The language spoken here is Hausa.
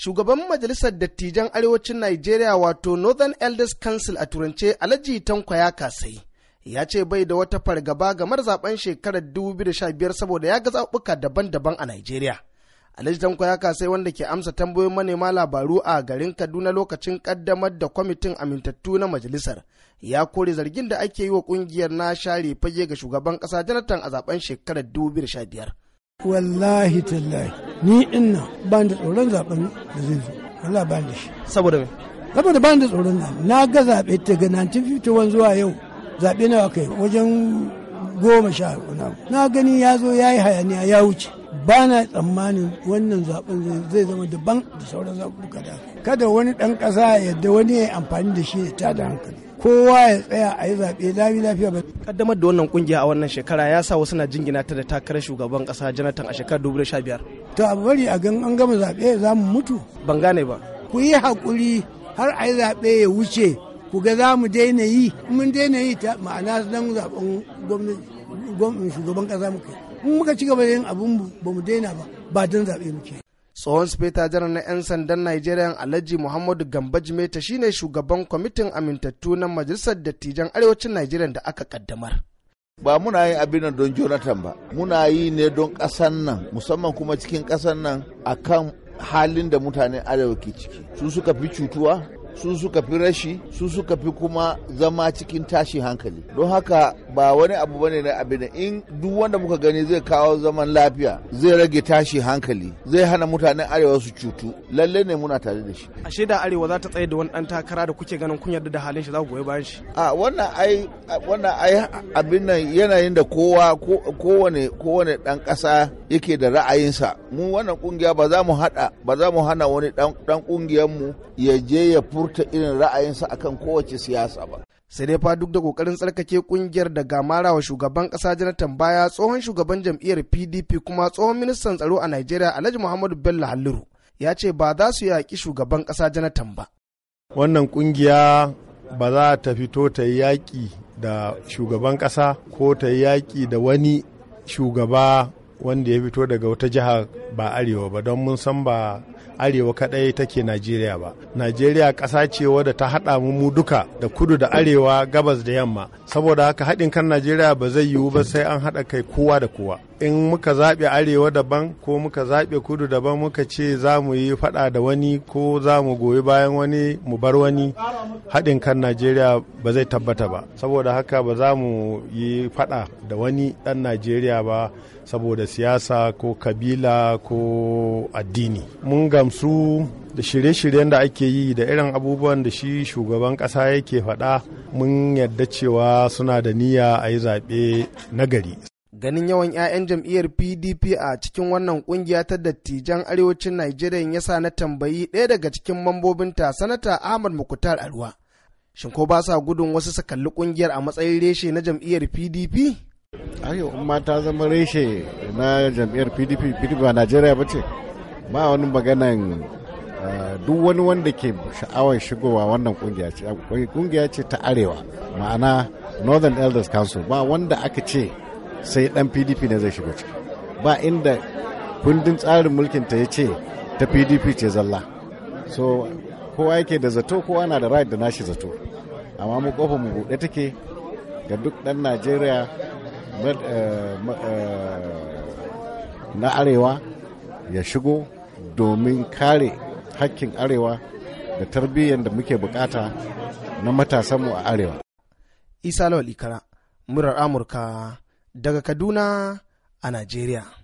Shugaban Majalisar Dattijan Arewacin Najeriya wato Northern Elders Council a Turance Alhaji Tanko ya kasai. Ya ce bai da wata fargaba ga zaben shekarar 2015 saboda ya ga zaɓuka daban-daban a Najeriya. Alhaji Tanko ya kasai wanda ke amsa tambayoyin manema labaru a garin Kaduna lokacin kaddamar da kwamitin amintattu na majalisar. Ya kore zargin da ake yi wa kungiyar na share fage ga shugaban ƙasa Jonathan a zaben shekarar 2015. Wallahi tallahi. ni ina ban da tsoron zaben da zai zo wala ban da shi saboda me saboda ban da tsoron nan na ga zabe ta ga 1951 zuwa yau zabe nawa kai wajen goma sha na gani ya zo ya yi hayaniya ya wuce ba na tsammanin wannan zaben zai zama daban da sauran zaɓuɓɓuka da kada wani ɗan ƙasa ya yadda wani ya yi amfani da shi ya da hankali kowa ya tsaya a yi zaɓe lami lafiya ba. Kaddamar da wannan kungiya a wannan shekara ya sa wasu na jingina ta da takarar shugaban ƙasa janatan a shekarar 2015. To a bari a gan an gama zaɓe za mu mutu. Ban gane ba. Ku yi haƙuri har a yi zaɓe ya wuce ku ga za mu daina yi mun daina yi ta ma'ana don zaɓen shugaban ƙasa muka yi. in muka ci gaba yin abin ba mu daina ba ba don zaɓe muke tsohon sifeta janar na 'yan sandan Najeriya Alhaji Muhammadu Gambajimeta shine shugaban kwamitin amintattu na Majalisar Dattijan Arewacin Najeriya da aka kaddamar. Ba muna yin abin nan don Jonathan ba, muna yi ne don ƙasan nan, musamman kuma cikin ƙasan nan akan halin da mutanen arewa ke ciki. Su suka fi cutuwa, su suka fi rashi su suka fi kuma zama cikin tashin hankali don haka ba wani abu bane na abin in duk wanda muka gani zai kawo zaman lafiya zai rage tashi hankali zai hana mutanen arewa su cutu lalle ne muna tare da shi ashe da arewa za ta tsaye da wani dan takara da kuke ganin kun yarda da halin shi za ku goyi bayan shi a wannan ai wannan ai abin nan yanayin da kowa kowane kowane dan kasa yake da ra'ayinsa mu wannan kungiya ba za mu hada ba za mu hana wani dan dan kungiyar mu ya je ya fur rubuta irin ra'ayinsa akan kowace siyasa ba sai dai fa duk da kokarin tsarkake kungiyar da gamara wa shugaban kasa jonathan baya tsohon shugaban jam'iyyar pdp kuma tsohon ministan tsaro a nigeria alhaji muhammadu bello halliru ya ce ba za su yaƙi shugaban kasa jonathan ba wannan kungiya ba za ta fito ta yi yaƙi da shugaban kasa ko ta yi yaƙi da wani shugaba wanda ya fito daga wata jiha ba arewa ba don mun san ba arewa kadai take najeriya ba najeriya ƙasa ce wadda ta haɗa mu duka da kudu da arewa gabas da yamma saboda haka haɗin kan najeriya ba zai yiwu ba sai an haɗa kai kowa da kowa in muka zaɓe arewa daban ko muka zaɓe kudu daban muka ce za mu yi faɗa da wani ko za mu goyi bayan wani mu bar wani haɗin kan najeriya ba zai tabbata ba saboda haka ba za mu yi faɗa da wani ɗan najeriya ba saboda siyasa ko kabila ko addini mun gamsu da shirye-shiryen da ake yi da irin abubuwan da shi shugaban ƙasa yake faɗa mun yadda cewa suna da niyya a yi zaɓe na Ganin yawan 'ya'yan jam'iyyar PDP a cikin wannan ƙungiya ta dattijan arewacin Najeriya ya sa na tambayi ɗaya daga cikin mambobinta sanata Ahmad Mukutar Alwa. Shin ko ba sa gudun wasu su kalli kungiyar a matsayin reshe na jam'iyyar PDP? Ayo, in ta zama reshe na jam'iyyar PDP, PDP ba Najeriya ba ce. Ba wani maganan duk wani wanda ke sha'awar shigowa wannan kungiya ce kungiya ce ta arewa ma'ana northern elders council ba wanda aka ce sai dan pdp ne zai shiga ciki ba inda kundin tsarin mulkin ta ya ce ta pdp ce zalla so kowa yake da zato kowa na da right da nashi zato amma mu kofar mu buɗe take ga duk ɗan najeriya na eh, eh, arewa ya shigo domin kare hakkin arewa da tarbiyyar da muke bukata na matasanmu a arewa. Isa Lawal Ikara, murar Amurka daga Kaduna a Najeriya.